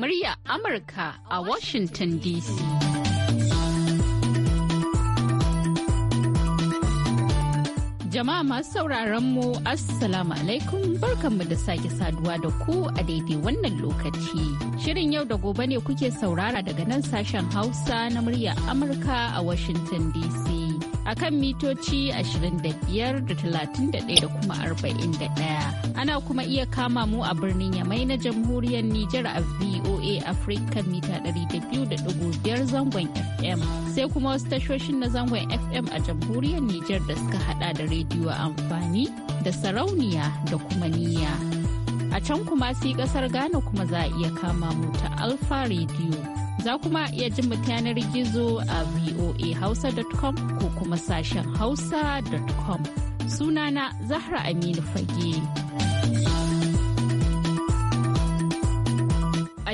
murya Amurka a Washington DC. Jama'a masu sauraron mu Assalamu alaikum barkanmu da sake saduwa da ku a daidai wannan lokaci. Shirin yau da gobe ne kuke saurara daga nan sashen Hausa na murya Amurka a Washington DC. a kan mitoci 25 da 31 da kuma Ana kuma iya kama mu a birnin Yamai na jamhuriyar Nijar a VOA Africa mita 200.5 zangon FM. Sai kuma wasu tashoshin na zangon FM a jamhuriyar Nijar da suka hada da rediyo amfani da sarauniya da kuma niyya. A can kuma sai kasar Ghana kuma za a iya kama mu ta Alfa Rediyo. Za kuma iya jin mu yanar gizo a voahausa.com ko kuma sashen hausa.com. Sunana Zahra Aminu Fage.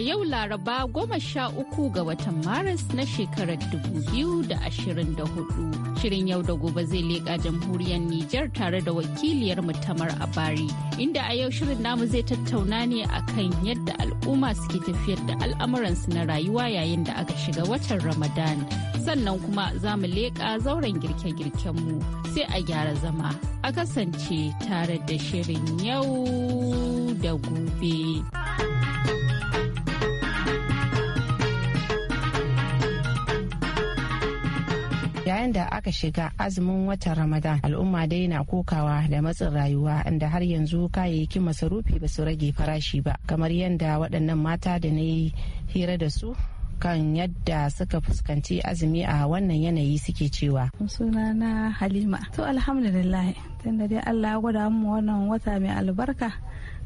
yau Laraba goma sha uku ga watan Maris na shekarar dubu biyu da ashirin da hudu. Shirin yau da gobe zai leƙa jamhuriyar Nijar tare da wakiliyar mutamar a bari. Inda a yau shirin namu zai tattauna ne akan yadda al'umma suke tafiyar da al'amuransu na rayuwa yayin da aka shiga watan Ramadan. Sannan kuma za mu leƙa zauren girke girken mu sai a gyara zama. A kasance tare da shirin yau da gobe. yayin da aka shiga azumin watan ramadan al'umma dai na kokawa da matsin rayuwa inda har yanzu kayayyakin masarufi ba su rage farashi ba kamar yadda waɗannan mata da na yi hira da su kan yadda suka fuskanci azumi a wannan yanayi suke cewa. sunana halima to alhamdulillah tunda dai allah ya gwada mu wannan wata mai albarka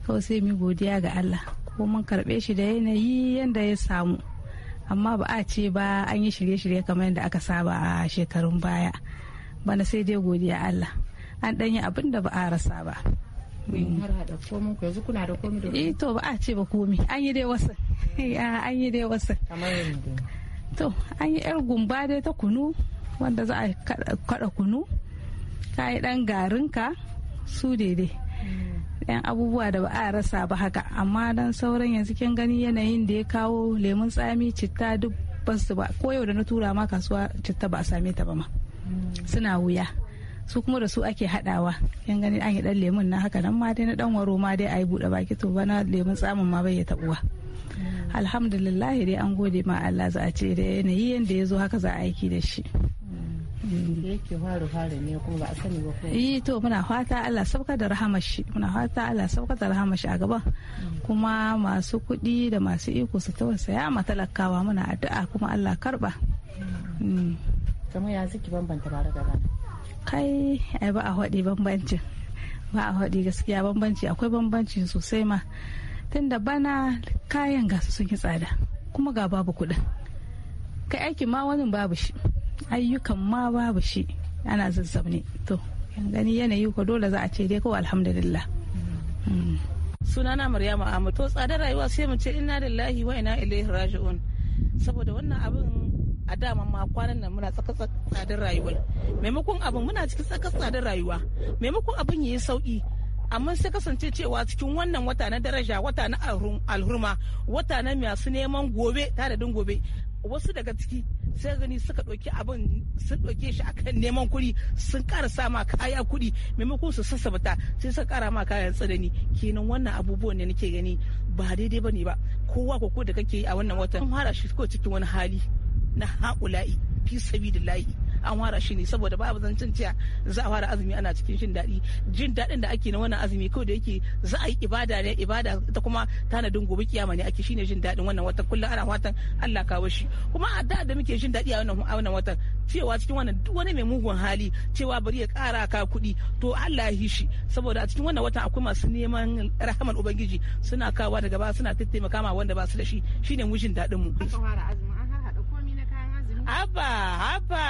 kawai sai mu godiya ga allah ko mun karɓe shi da yanayi yadda ya samu amma ba a ce ba an yi shirye-shirye kamar yadda aka saba a shekarun baya bana sai dai godiya Allah an dan yi abin da ba a rasa ba eh, to ba a ce ba komi an yi dai wasu ah, an yi dai wasu to an yi yar gumba dai ta kunu wanda za a kada kunu ka yi dan garinka su daidai hmm. 'yan abubuwa da ba a rasa ba haka amma dan sauran yanzu kin gani yanayin da ya kawo lemun tsami citta duk basu ba ko yau da na tura ma kasuwa citta ba a same ta ba ma suna wuya su kuma da su ake hadawa kin gani an yi dan lemun na haka nan ma dai na dan waro ma dai ayi bude baki to bana lemun tsamin ma bai ya tabuwa alhamdulillah dai an gode ma Allah za a ce da yanayi yanda ya zo haka za a aiki da shi yake faru faru ne kuma ba a sani ba ko eh to muna fata Allah sabka da rahamar shi muna fata Allah sabka da rahamar shi a gaban kuma masu kuɗi da masu iko su tausaya ma talakawa muna addu'a kuma Allah karba mm. kamar ya suke bambanta bara da rana kai ai ba a haɗi bambancin ba a haɗi gaskiya bambanci akwai bambanci sosai ma tunda bana kayan gasu sun yi tsada kuma ga babu kuɗin kai aikin ma wani babu shi ayyukan ma babu shi ana zazzabne to gani yanayi ko dole za a ce dai ko alhamdulillah mm. sunana maryama amma to tsadar rayuwa sai mu ce inna lillahi wa ina ilaihi raji'un saboda wannan abin a dama ma kwanan nan muna tsaka tsadar rayuwa maimakon abin muna cikin tsaka tsadar rayuwa maimakon abin yayi sauki amma sai kasance cewa cikin wannan wata na daraja wata na alhurma wata na masu neman gobe tadadin gobe wasu daga ciki sai gani suka ɗauki abin sun ɗauke shi akan neman kuɗi sun ƙara sa ma kaya kuɗi maimakon su sassabata sai suka ƙara ma kayan tsanani kenan wannan abubuwan ne nake gani ba daidai ba ne ba kowa ko da kake yi a wannan watan an fara shi ko cikin wani hali na haƙula'i fi sabi layi an fara shi ne saboda ba abu zancen cewa za a fara azumi ana cikin jin daɗi jin daɗin da ake na wannan azumi kawai da yake za a yi ibada ne ibada ta kuma tanadin gobe kiyama ne ake shine jin daɗin wannan watan kullum ana watan Allah kawo shi kuma a da da muke jin daɗi a wannan watan cewa cikin wannan duk wani mai mugun hali cewa bari ya ƙara ka kuɗi to Allah ya shi saboda a cikin wannan watan akwai masu neman rahaman ubangiji suna kawa daga ba suna tattaimaka ma wanda ba su da shi shine mujin daɗin mu. Abba Abba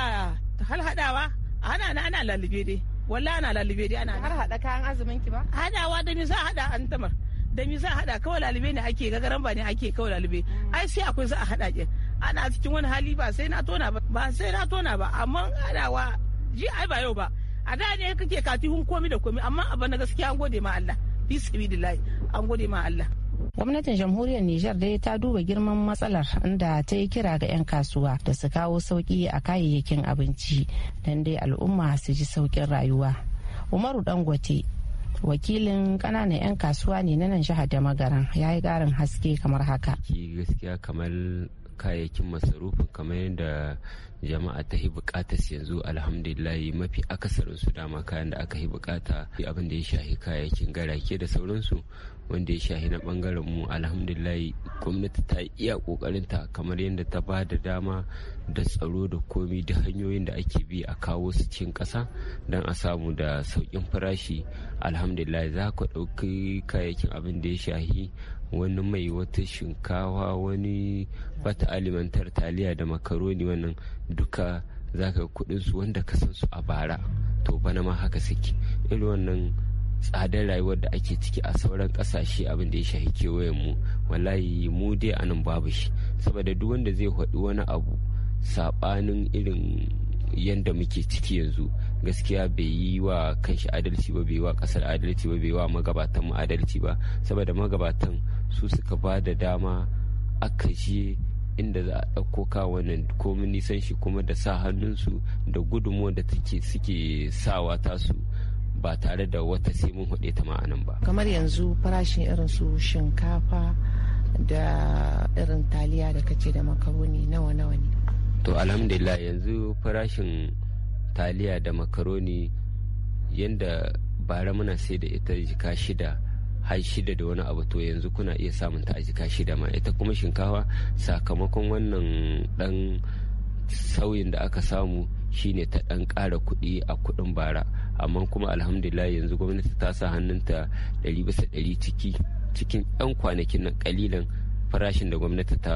hal hadawa, ana na ana lalube dai. Walla ana lalube dai ana. Har hada kayan azumin ki ba? Hadawa da me za hada an tamar. Da me za hada kawai lalube ne ake gagaran ba ne ake kawai lalube. Mm. Ai sai akwai za a hada ki. Ana cikin wani hali ba sai na tona ba, ba sai na tona ba, amma hadawa ji ai ba yau ba. A da ne kake hun komi da komi amma abin na gaskiya an gode ma Allah. Bi layi an gode ma Allah. gwamnatin jamhuriyar nijar dai ta duba girman matsalar inda ta yi kira ga 'yan kasuwa da su kawo sauƙi a kayayyakin abinci don dai al'umma su ji saukin rayuwa umaru dangote wakilin kananan 'yan kasuwa ne na nan jihar da magaran ya yi karin haske kamar haka gaskiya kamar kayayyakin masarufin jama'a ta yi bukatar yanzu alhamdulillah mafi akasarin su dama kayan da aka yi bukata abin da ya shahi kayayyakin garake da sauransu wanda ya shahi na bangaren mu alhamdulillah gwamnati ta iya ta kamar yadda ta ba da dama da tsaro da komi da hanyoyin da ake bi a kawo su cikin kasa don a samu da saukin farashi alhamdulillah za ka ɗauki kayayyakin abin da ya shahi wani mai wata shinkawa wani fata alimantar taliya da makaroni wannan duka za ka kudin su wanda ka san su a bara to bana ma haka suke irin wannan tsadar rayuwar da ake ciki a sauran kasashe abin da ya shahi kewayen mu wallahi mu dai a nan babu shi saboda duk wanda zai haɗu wani abu saɓanin irin yadda muke ciki yanzu gaskiya bai yi wa kanshi adalci ba bai wa kasar adalci ba bai wa magabatan mu adalci ba saboda magabatan su suka ba da dama aka je inda za a ɗauko wannan komi nisan shi kuma da sa hannunsu da gudunmo da take suke sawa tasu ba tare da wata sai mun ta ma'anan ba kamar yanzu farashin irin su shinkafa da irin taliya da kace da makaroni nawa nawa ne to alhamdulillah yanzu farashin taliya da makaroni yanda bara muna sai da ita jika shida har shida da wani abu to yanzu kuna iya samun ta a jika shida ma ita kuma shinkafa sakamakon wannan dan sauyin da aka samu shine ta dan kara kuɗi a kuɗin bara amma kuma alhamdulillah yanzu gwamnati ta sa hannunta ɗari bisa ciki cikin 'yan kwanakin nan kalilan farashin da gwamnati ta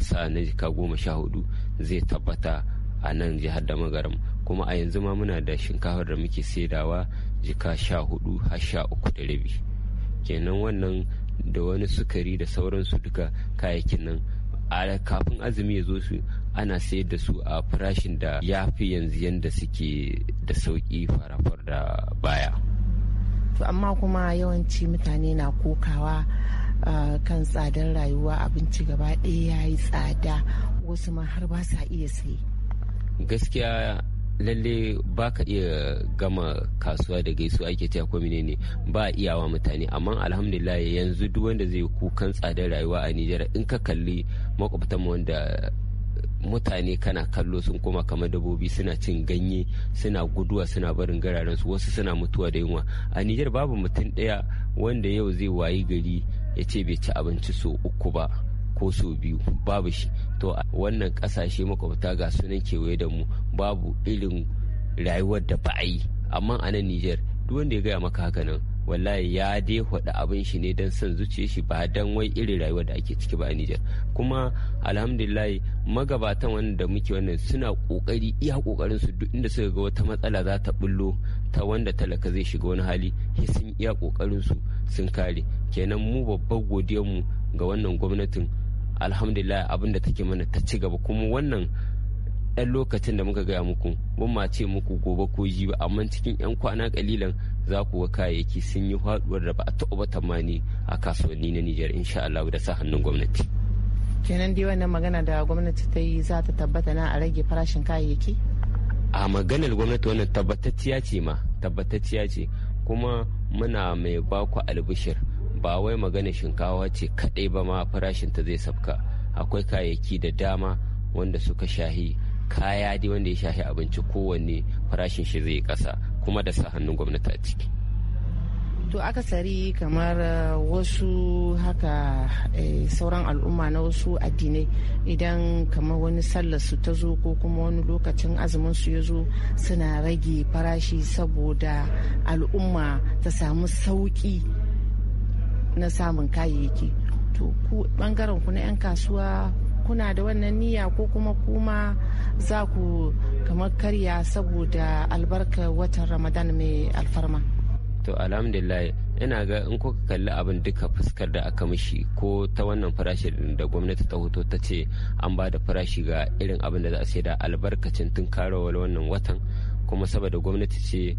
sa na jika goma sha hudu zai tabbata a nan jihar da magaram kuma a yanzu ma muna da shinkafar da muke saidawa jika sha hudu har sha uku da rabi kenan wannan da wani sukari da sauransu duka kayayyakin nan kafin azumi ya zo su ana sayar da su a farashin da ya fi yanzu yadda suke da sauƙi farafar da baya to amma kuma yawanci mutane na kokawa kan tsadar rayuwa abinci gaba ɗaya ya yi tsada wasu ma har ba sa iya saye gaskiya lalle ba ka iya gama kasuwa da gaisuwa ake ta ko ne ba iyawa mutane amma alhamdulillah yanzu duk wanda zai kukan tsadar rayuwa a Nijar in ka kalli makwabtanmu wanda mutane kana kallo sun koma kamar dabbobi suna cin ganye suna guduwa suna barin gararen su wasu suna mutuwa da yunwa a Nijar babu mutum daya wanda yau zai wayi gari ya ce bai ci abinci so uku ba ko su biyu babu shi to wannan kasashe makwabta ga sunan kewaye da mu babu irin rayuwar da ba a yi amma a nan niger duk wanda ya gaya maka haka nan wallahi ya dai hudu abin shi ne don son zuciya shi ba don wai irin rayuwar da ake ciki ba a Nijar kuma alhamdulillah magabatan wanda muke wannan suna kokari iya kokarin su duk inda suka ga wata matsala za ta bullo ta wanda talaka zai shiga wani hali sun iya kokarin su sun kare kenan mu babbar godiyar mu ga wannan gwamnatin alhamdulillah abin da take mana ta ci gaba kuma wannan ɗan lokacin da muka gaya muku mun ma ce muku gobe ko ji ba amma cikin 'yan kwana kalilan za ku ga kayayyaki sun yi faduwar da ba a taɓa ba tamani a kasuwanni na Nijar insha Allah da sa hannun gwamnati. Kenan dai wannan magana da gwamnati ta yi za ta tabbata na a rage farashin kayayyaki? A maganar gwamnati wannan tabbatacciya ce ma tabbatacciya ce kuma muna mai baku albishir ba wai magana shinkawa ce kaɗai ba ma farashinta zai sabka akwai kayayyaki da dama wanda suka shahi kaya dai wanda ya shahi abinci kowanne farashin shi zai kasa kuma da sa hannun gwamnati a ciki to akasari kamar uh, wasu haka eh, sauran al'umma na wasu addinai idan kamar wani sallar su ta zo ko kuma wani lokacin azumin su ya zo suna rage farashi saboda al'umma ta samu sauƙi. na samun kayayyaki to ku bangaren ku na 'yan kasuwa kuna da wannan niyya ko kuma kuma za ku kamar karya saboda albarkar watan ramadan mai alfarma to alhamdulillah ina ga in kuka kalli abin duka fuskar da aka mishi ko ta wannan farashi da gwamnati ta hoto ta ce an ba da farashi ga irin abin da za a sai da albarkacin tun karo wannan watan kuma saboda gwamnati ce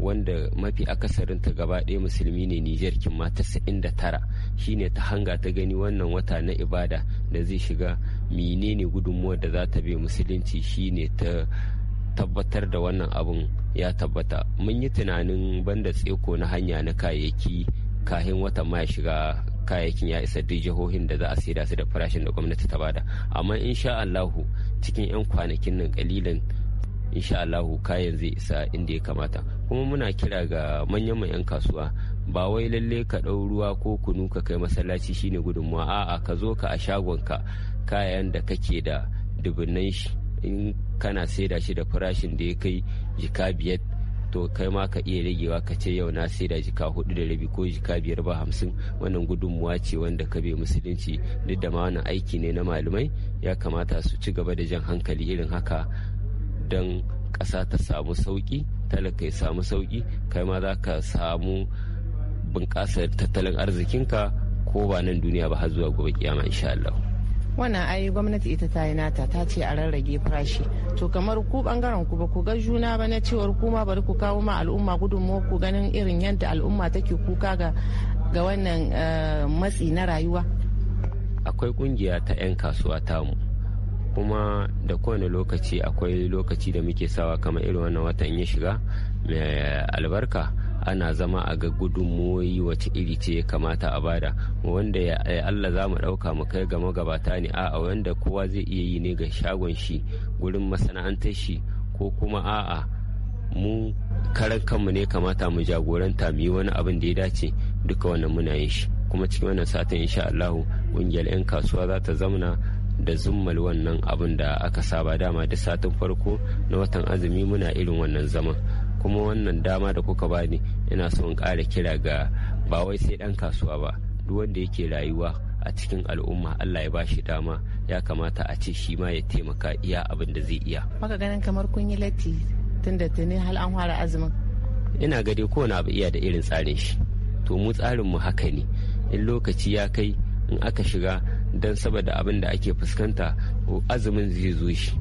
wanda mafi akasarin ta gaba ɗaya musulmi ne Nijar kin ma tara shine ta hanga ta gani wannan wata na ibada da zai shiga menene gudunmuwar da za ta bai musulunci shine ta tabbatar da wannan abun ya tabbata mun yi tunanin banda tseko na hanya na kayayyaki kahin wata ma ya shiga kayayyakin ya isa duk jihohin da za a saida su da farashin da gwamnati ta bada amma insha Allahu cikin 'yan kwanakin nan kalilan insha Allahu kayan zai isa inda ya kamata kuma muna kira ga manyan mai 'yan kasuwa ba wai lalle ka ɗau ruwa ko kunu ka kai masallaci shine gudunmuwa a'a ka zo ka a ka kayan da kake da dubunnan shi in kana saida shi da farashin da ya kai jika biyar to kai ma ka iya ragewa ka ce yau na saida jika hudu da rabi ko jika biyar ba hamsin wannan gudunmuwa ce wanda ka bai musulunci duk da ma wannan aiki ne na malamai ya kamata su ci gaba da jan hankali irin haka don ƙasa ta samu sauki. talaka ya samu sauki kai ma za ka samu bunƙasar tattalin arzikinka ko ba nan duniya ba har zuwa gobe kiyama insha Allah. wannan ai gwamnati ita ta yi nata ta ce a rarrage farashi to kamar ku bangaren ku ba ku ga juna ba na cewar kuma bari ku kawo ma al'umma gudunmu ku ganin irin yadda al'umma take kuka ga ga wannan eh, matsi na rayuwa akwai kungiya ta 'yan kasuwa tamu kuma da kowane lokaci akwai lokaci da muke sawa kamar irin wannan watan ya shiga mai albarka ana zama a ga gudunmuwoyi wace iri ce ya kamata a bada wanda ya eh, Allah za mu ɗauka mu kai ga magabata ne a'a wanda kowa zai iya yi ne ga shagon shi gurin masana'antar shi ko kuma a'a mu karan kanmu ne kamata mu jagoranta mu yi wani abin da ya dace duka wannan muna yin shi kuma cikin wannan satin insha Allah ƙungiyar 'yan kasuwa za ta zamana da zummal wannan abin da aka saba dama da satin farko na watan azumi muna irin wannan zaman kuma wannan dama da kuka bani ina so in ƙara kira ga ba wai sai dan kasuwa ba duk wanda yake rayuwa a cikin al'umma Allah ya ba shi dama ya kamata a ce shi ma ya taimaka iya abin da zai iya. Maka ganin kamar kun yi latti tun da tuni hal an fara azumin. Ina gade kowane abu iya da irin tsarin shi. To mu tsarin mu haka ne. In lokaci ya kai in aka shiga don saboda abin da ake fuskanta azumin zai zo shi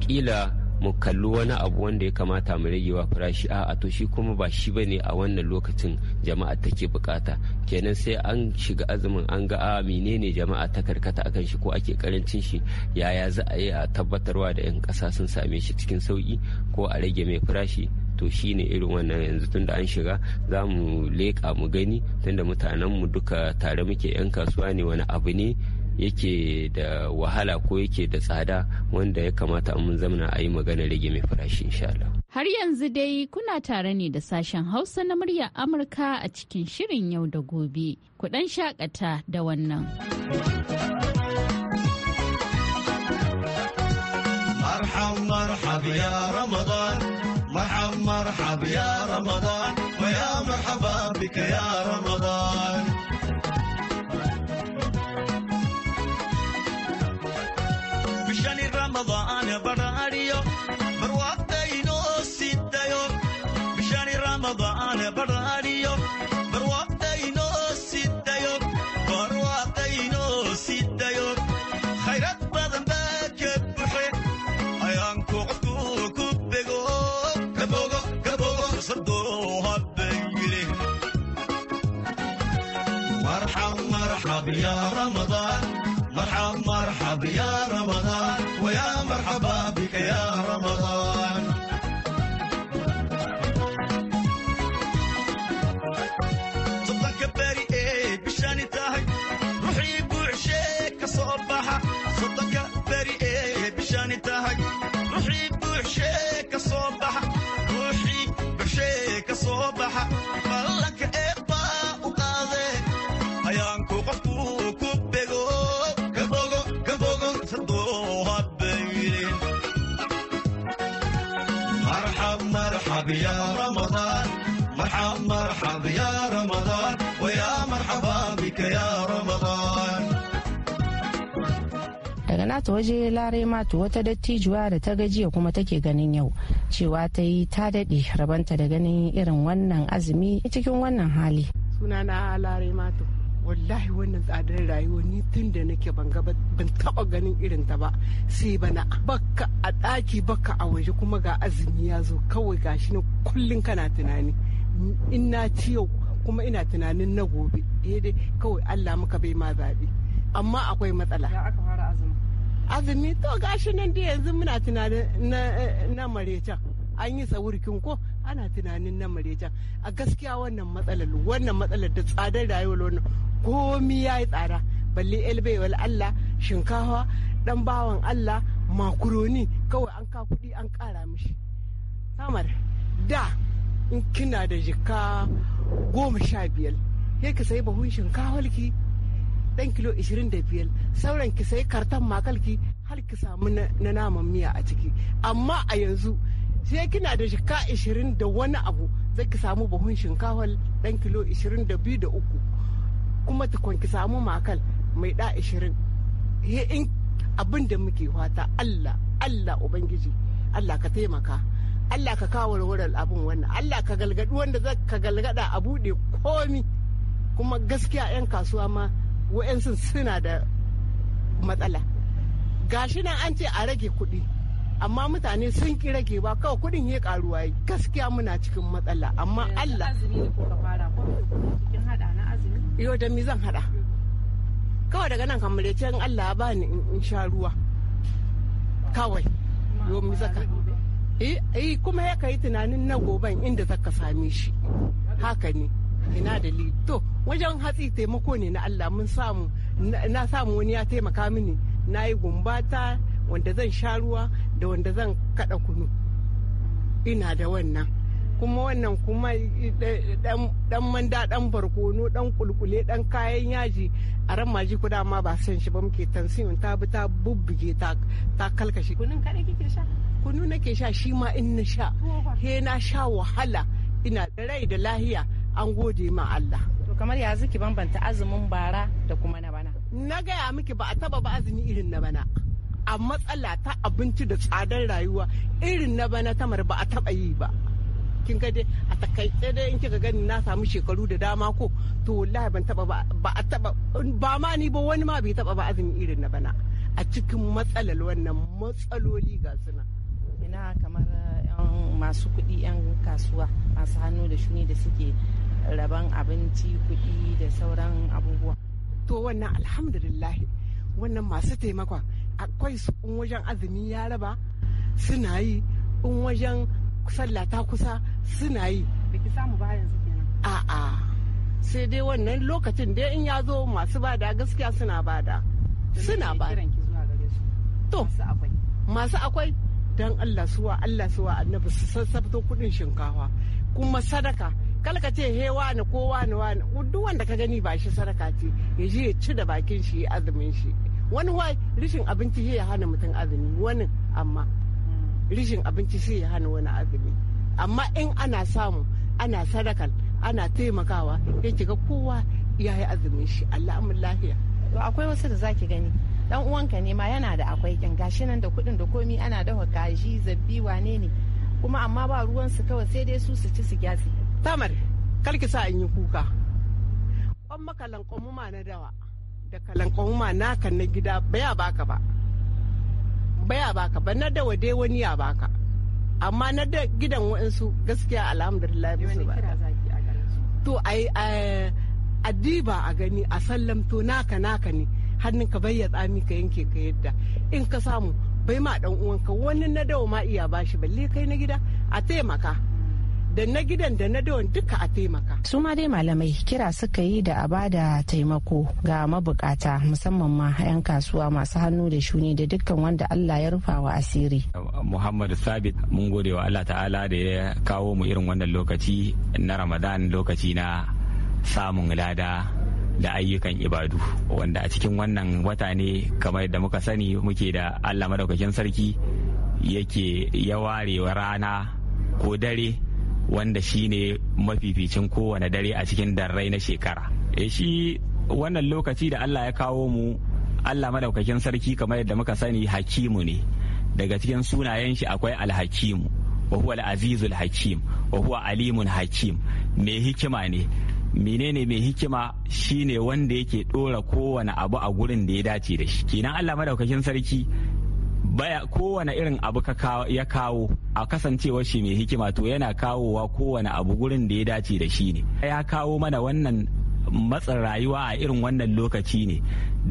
kila mu kalli wani abu wanda ya kamata mu rage wa farashi a to shi kuma ba shi bane a wannan lokacin jama'a take bukata kenan sai an shiga azumin an ga a ah, menene jama'a ta karkata akan shi ko ake karancin shi yaya za a yi a tabbatarwa da 'yan kasa sun same shi cikin sauki ko a rage mai farashi to shi ne irin wannan yanzu tunda an shiga za mu leƙa mu gani tunda mu duka tare muke 'yan kasuwa ne wani abu ne yake da wahala ko yake da tsada wanda ya kamata mun zamana a yi magana rage mai farashi Har yanzu dai kuna tare ne da sashen Hausa na muryar Amurka a cikin shirin yau da gobe. Kudan shakata da wannan. مرحب ya ramadan يا رمضان ويا مرحبا بك يا رمضان wadada aan baran مرحبا بك يا رمضان ta waje larai matu wata dattijuwa da ta gajiya kuma take ganin yau cewa ta yi ta daɗe rabanta da ganin irin wannan azumi cikin wannan hali suna sunana larai matu wallahi wannan tsadar rayuwa ni tun da nake ban ga ban taba ganin irin ta ba sai bana bakka a ɗaki bakka a waje kuma ga azumi ya zo kawai gashi ne kullun kana tunani in na ci yau kuma ina tunanin na gobe eh dai kawai Allah muka bai ma zaɓe amma akwai matsala azumi to gashi nan da yanzu muna tunanin na marecan an yi tsawurkin ko ana tunanin na marejan a gaskiya wannan matsalar wannan matsalar da tsadar rayuwar wannan komi ya yi tsada balle elbewal allah shinkawa dan bawan allah makuroni kawai an ka kuɗi an ƙara mishi samar da in kina da jika goma sha biyar ya ka sai bahun shinkawarki. dan kilo 25 sauran ki sai karton makalki har ki samu na naman miya a ciki amma a yanzu sai kina da jika 20 da wani abu zai ki samu buhun shinkafa dan kilo 22 da uku kuma tukun ki samu makal mai da 20 in abin da muke fata Allah Allah ubangiji Allah ka taimaka Allah ka kawo warwarar abin wannan Allah ka galgadu wanda zai ka galgada a buɗe komi kuma gaskiya 'yan kasuwa ma wa'yansu suna da matsala gashi nan an ce a rage kuɗi amma mutane sun ki rage ba kawai kuɗin ya karuwa yi gaskiya muna cikin matsala amma eh, Allah yau da mi zan hada kawai daga nan kamar in Allah ba ni in sha ruwa kawai yau mi zaka yi eh, eh, kuma ya kai tunanin na goban inda zaka same shi haka ne ina dalili to wajen hatsi taimako ne na Allah mun samu na samu wani ya taimaka mini na yi gumbata wanda zan sha ruwa da wanda zan kada kunu ina da wannan kuma wannan kuma dan eh, manda dan barkono dan kulkule dan kayan yaji a ran maji kuda ma ba san shi ba muke tansiyon ta bi ta bubbuge ta ta kalkashi kunun kare kike sha kunu nake sha shi ma in na sha he na sha wahala ina da rai da lahiya an gode ma Allah kamar ya ki bambanta azumin bara da kuma na bana na gaya miki ba a taba ba azumi irin na bana a matsala ta abinci da tsadar rayuwa irin na bana tamar ba a taba yi ba kin ga dai a takaice dai in kika gani na samu shekaru da dama ko to wallahi ban taba ba a taba ba ma ni ba wani ma bai taba ba azumi irin na bana a cikin matsalar wannan matsaloli ga suna ina kamar eh, masu kuɗi 'yan kasuwa masu hannu da shuni da suke rabon abinci kuɗi da sauran abubuwa to wannan alhamdulillah wannan masu taimakon akwai su in wajen azumi ya raba suna yi in wajen sallah ta kusa suna yi biki samu ba yanzu kenan a'a sai dai wannan lokacin dai in ya zo masu bada gaskiya suna bada suna bada to masu akwai don Allah suwa Allah suwa annabi su sassabto kudin shinkawa kuma sadaka kalka ce he wani ko wani wani duk wanda ka gani ba shi saraka ce ya je ya ci da bakin shi azumin shi wani wai rishin abinci ya hana mutum azumi wani amma rishin abinci sai ya hana wani azumi amma in ana samu ana sadakal ana taimakawa ya kiga kowa ya yi azumin shi Allah lahiya to akwai wasu da zaki gani dan uwanka ne ma yana da akwai kin gashi nan da kudin da komi ana dafa kaji zabbi wane ne kuma amma ba ruwan su kawai sai dai su su ci su gyatsi tamar kalki sa in yi kuka kwan makalan kwamuma na dawa da kalan kwamuma naka na gida baya baka ba baya baka ba na dawa dai wani ya baka amma na da gidan wa'insu gaskiya alhamdulillah bisu ba to ai adiba a gani a sallam to naka naka ne hannunka bai ya tsami ka yanke ka yadda in ka samu bai ma dan uwanka wani na dawa ma iya bashi balle kai na gida a taimaka da na gidan da na dawan duka a taimaka. su ma dai malamai kira suka yi da a bada taimako ga mabukata musamman ma 'yan kasuwa masu hannu da shuni da dukkan wanda allah ya rufa wa asiri. muhammadu sabit mun gode wa allah ta'ala da ya kawo mu irin wannan lokaci na ramadan lokaci na samun lada da ayyukan ibadu wanda a cikin wannan wata ne kamar da muka sani muke da allah madaukakin sarki yake ya warewa rana ko dare wanda shine mafificin kowane dare a cikin darrai na shekara e shi wannan lokaci da allah ya kawo mu allah madaukakin sarki kamar yadda muka sani hakimu ne daga cikin sunayen shi akwai alhakimu wahuwa al'azizul hakim wahuwa alimun hakim mai hikima ne menene mai hikima shine wanda yake dora kowane abu a gurin da ya dace da shi kenan Allah madaukakin sarki baya kowane irin abu ya kawo a kasancewar shi mai hikima to yana kawowa kowane abu gurin da ya dace da shi ne ya kawo mana wannan matsin rayuwa a irin wannan lokaci ne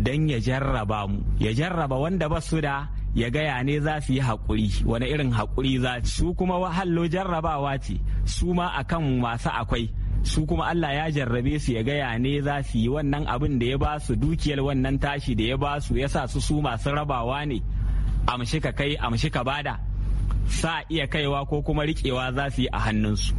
don ya jarraba mu ya jarraba wanda ba su da ya gaya ne za su yi haƙuri wani irin haƙuri za su kuma hallo jarrabawa ce su ma a akan masu akwai su kuma Allah ya jarrabe su ya gaya ne za su yi wannan abin da ya ba su dukiyar wannan tashi da ya ba su ya sa su su masu rabawa ne amshi ka kai amshi ka bada sa iya kaiwa ko kuma rikewa za su yi a hannunsu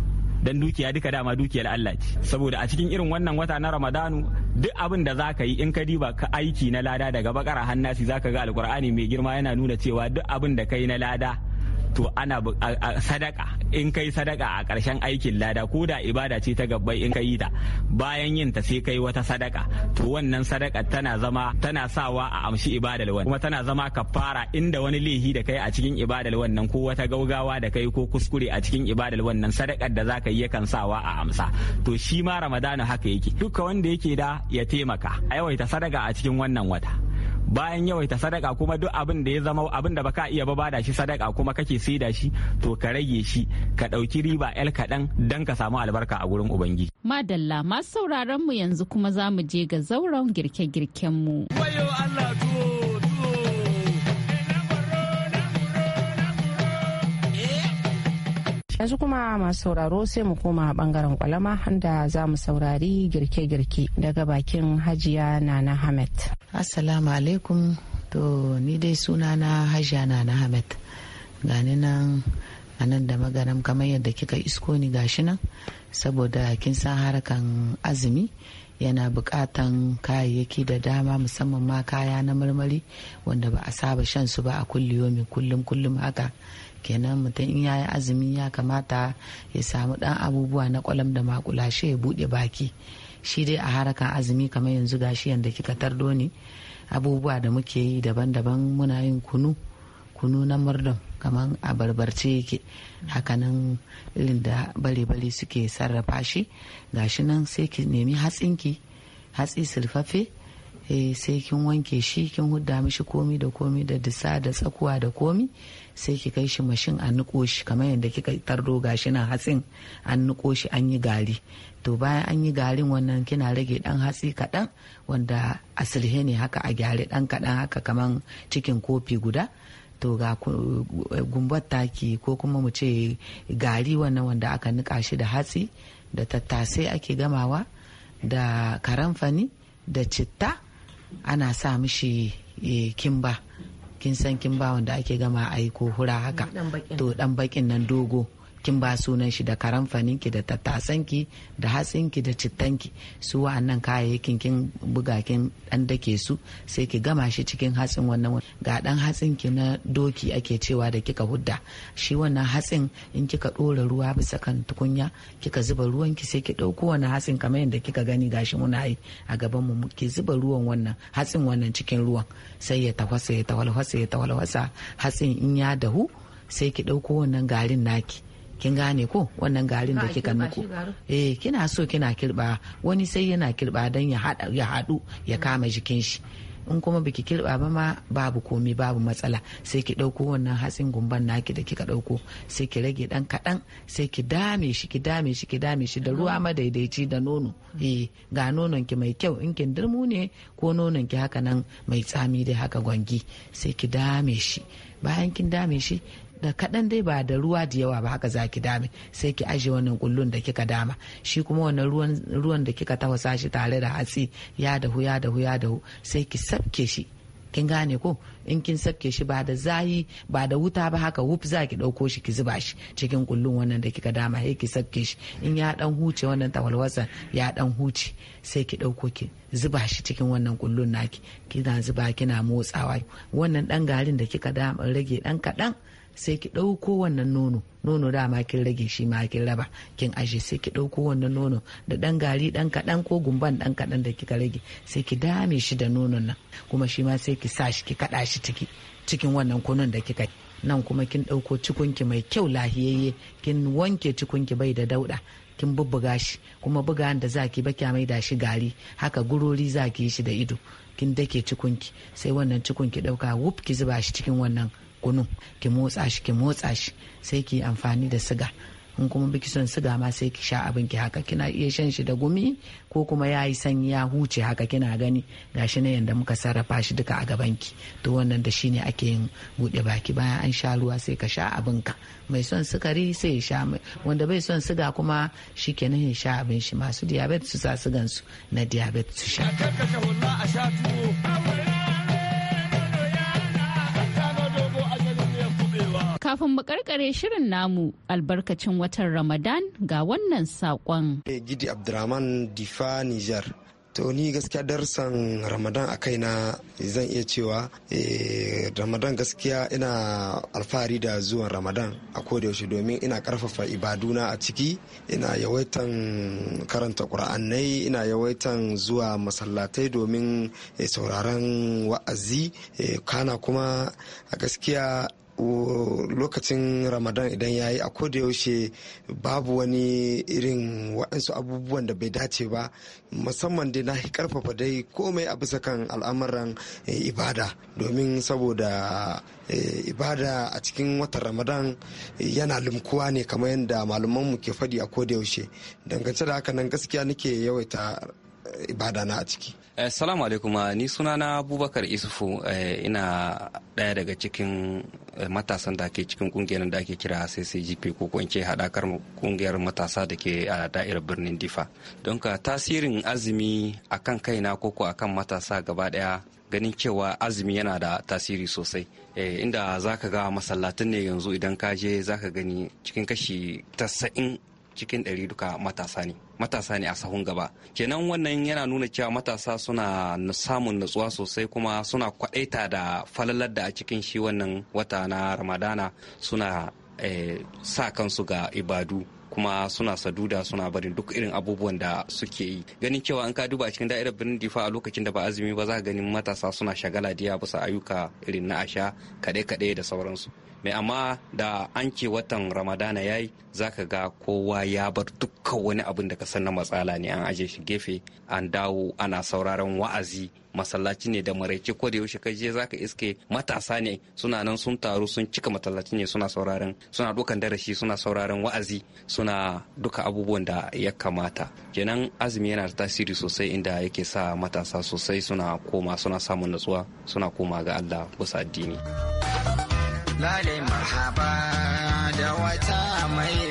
don dukiya duka dama dukiyar Allah ce saboda a cikin irin wannan wata na Ramadanu duk abin da ka yi in ka diba ka aiki na lada daga bakara hannasi zaka ga alkur'ani mai girma yana nuna cewa duk abin da kai na lada to ana sadaka in kai sadaka a ƙarshen aikin lada ko da ibada ce ta gabbai in kai ta bayan yin ta sai kai wata sadaka to wannan sadaka tana zama tana sawa a amshi ibadar wannan kuma tana zama kafara inda wani lehi da kai a cikin ibadar wannan ko wata gaugawa da kai ko kuskure a cikin ibadar wannan sadakar da zaka yi yakan sawa a amsa to shi ma ramadana haka yake duka wanda yake da ya taimaka a yawaita sadaka a cikin wannan wata bayan yawaita sadaka kuma duk abin da ya zama abin da baka iya bada shi sadaka kuma kake sai da shi to ka rage shi ka dauki riba el kaɗan dan ka samu albarka a gurin ubangiji. madalla masu sauraron mu yanzu kuma za mu je ga zauren girke-girken mu. Allah yanzu kuma masu sauraro sai mu koma bangaren kwalama da za mu saurari girke-girke daga bakin hajiya nana hamed assalamu alaikum to ni dai suna na hajiya nana hamed gani nan a nan da magaram kamar yadda kika isko ni gashi nan saboda kin san harkan azumi yana bukatan kayayyaki da dama musamman ma kaya na marmari wanda ba a saba shan su ba a kulliyomi kullum kullum haka kenan mutum in ya yi azumi ya kamata ya samu dan abubuwa na kwalam da makulashe ya buɗe baki shi dai a harakan azumi kamar yanzu ga gashi yadda kika tardo ne abubuwa da muke yi daban-daban muna yin kunu kunu na murdom kamar a barbarce yake hakanan irin da bare-bare suke sarrafa shi gashi nan sai ki nemi hatsinki hatsi sulfafe eh sai kin wanke shi kin hudda mishi komi da komi da disa da tsakuwa da komi sai ki kai shi mashin a niko shi kamar yadda kika tardo shi nan hatsin an niko shi an yi gari to bayan an yi garin wannan kina rage dan hatsi kaɗan wanda a ne haka a gyare dan kaɗan haka kamar cikin kofi guda to ga gumbar taki ko kuma mu ce gari wannan wanda aka nika shi da hatsi da tattasai ake gamawa da karamfani da citta ana sa mishi eh, kimba kin san kimba wanda ake gama aiko hura haka to dan bakin nan dogo kin ba sunan shi da karamfaninki da tattasanki da hatsinki da cittanki su wa'annan kayayyakin kin buga kin dan dake su sai ki gama shi cikin hatsin wannan ga dan hatsin ki na doki ake cewa da kika hudda shi wannan hatsin in kika dora ruwa bisa kan tukunya kika zuba ruwan ki sai ki dauko wannan hatsin kamar yadda kika gani gashi muna yi a gaban mu ki zuba ruwan wannan hatsin wannan cikin ruwan sai ya tafasa ya tawalwasa ya tawalwasa hatsin in ya dahu sai ki dauko wannan garin naki kin gane ko wannan garin da kika nuku eh kina so kina kirba wani sai yana kirba dan ya haɗu ya hadu mm. ya kama jikin shi in kuma biki kirba ba ma babu komi babu matsala sai ki dauko wannan hatsin gumban naki da kika dauko sai ki rage dan kadan sai ki dame shi ki dame shi ki dame shi da ruwa madaidaici da nono mm. eh ga nonon ki mai kyau in kin dirmu ne ko nonon ki haka nan mai tsami dai haka gwangi sai ki dame shi bayan kin dame shi da kaɗan dai ba da ruwa da yawa ba haka zaki dame sai ki aje wannan kullun da kika dama shi kuma wannan ruwan ruwan da kika tafasa shi tare da hatsi ya dahu ya dahu ya dahu sai ki sabke shi kin gane ko in kin sabke shi ba da zayi ba da wuta ba haka wuf za ki ɗauko shi ki zuba shi cikin kullun wannan da kika dama sai ki sabke shi in ya dan huce wannan tawalwasa ya dan huce sai ki ɗauko ki zuba shi cikin wannan kullun naki kina zuba kina motsawa wannan dan garin da kika dama rage dan kaɗan sai ki ɗauko wannan nono nono dama kin rage shi ma kin raba kin aje sai ki ɗauko wannan nono da ɗan gari ɗan kaɗan ko gumban ɗan kaɗan da kika rage sai ki dame shi da nonon nan kuma shi ma sai ki sa shi ki kaɗa shi ciki cikin wannan kunun da kika nan kuma kin ɗauko cikunki mai kyau lahiyayye kin wanke cikunki bai da dauɗa kin bubbuga shi kuma buga da za ki ba mai da shi gari haka gurori zaki yi shi da ido kin dake cikunki sai wannan cikunki ɗauka wuf ki zuba shi cikin wannan kunu ki motsa shi ki motsa shi sai ki amfani da siga in kuma biki son siga ma sai ki sha abin ki haka kina iya shan shi da gumi ko kuma ya yi sanyi ya huce haka kina gani gashi na yanda muka sarrafa shi duka a gaban ki to wannan da shine ake yin bude baki bayan an sha ruwa sai ka sha abin ka mai son sukari sai ya sha wanda bai son siga kuma shi kenan ya sha abin shi masu diabetes su sa sigan su na diabetes su sha Kafin mu karkare shirin namu albarkacin watan Ramadan ga wannan saƙon. Eh, Gidi Abdurrahman Difa Nijar. to ni gaskiya darsan ramadan a kaina zan iya cewa eh, ramadan gaskiya ina alfahari da zuwan ramadan a yaushe domin ina karfafa ibaduna a ciki ina yawaitan karanta ƙura'annai ina yawaitan zuwa masallatai domin eh, sauraron wa'azi kana kuma a gaskiya lokacin ramadan idan ya yi a yaushe babu wani irin waɗansu abubuwan da bai dace ba musamman dai na karfafa dai komai a bisa kan al'amuran eh, ibada domin saboda eh, ibada a cikin watan ramadan eh, yana limkuwa ne kamar yadda mu ke faɗi a yaushe dangance da haka nan gaskiya nake yawaita ibada na a ciki Assalamu eh, alaikum ah, ni na Abubakar Isufu eh, ina ɗaya daga cikin eh, matasan da ke cikin kungiyar da ake kira CCGP ko ce haɗakar kungiyar matasa da ke a da'irar birnin Difa. Don ka tasirin azumi akan kaina ko ko akan matasa gaba ɗaya ganin cewa azumi yana da tasiri sosai. inda za ka ga masallatin ne yanzu idan ka je za ka gani cikin kashi tasa'in cikin ɗari duka matasa ne matasa ne a sahun gaba kenan wannan yana nuna cewa matasa suna samun natsuwa sosai kuma suna kwaɗaita da falalar da a cikin shi wannan wata na ramadana suna eh, sa kansu ga ibadu kuma suna saduda suna barin duk irin abubuwan da suke yi ganin cewa an ka duba cikin da'irar birnin difa a lokacin da ba azumi ba za ka ganin matasa suna shagala diya bisa ayyuka irin na asha kaɗe-kaɗe da sauransu mai amma da an ke watan ramadana ya yi za ka ga kowa ya bar dukkan wani abin da ka san na matsala ne an aje shi gefe an dawo ana sauraron wa'azi masallaci ne da maraice ko da yaushe ka je zaka iske matasa ne suna nan sun taru sun cika masallaci ne suna sauraron suna dukan darasi suna sauraron wa'azi suna duka abubuwan da ya kamata kenan azumi yana da tasiri sosai inda yake sa matasa sosai suna koma suna samun natsuwa suna koma ga Allah bisa addini. Lale da wata mai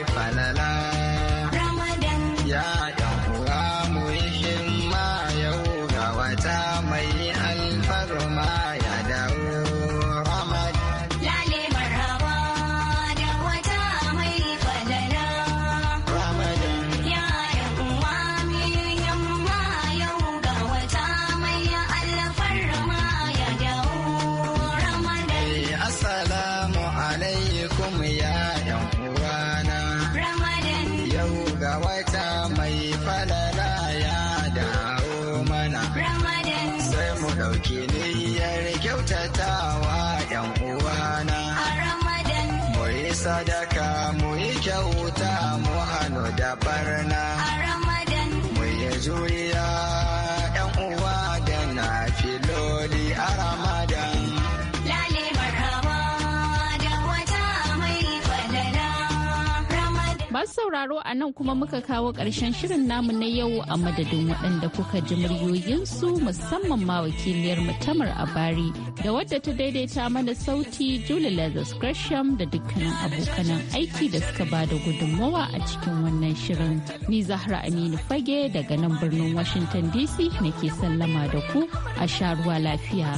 sauraro a nan kuma muka kawo ƙarshen shirin namu na yau a madadin waɗanda kuka ji muryoyinsu musamman ma wakiliyar mutamar a bari da wadda ta daidaita mana sauti Julie Leathers Gresham da dukkanin abokanan aiki da suka ba da gudunmawa a cikin wannan shirin. Ni Zahra Aminu Fage daga nan birnin Washington DC nake sallama da ku a sha ruwa lafiya.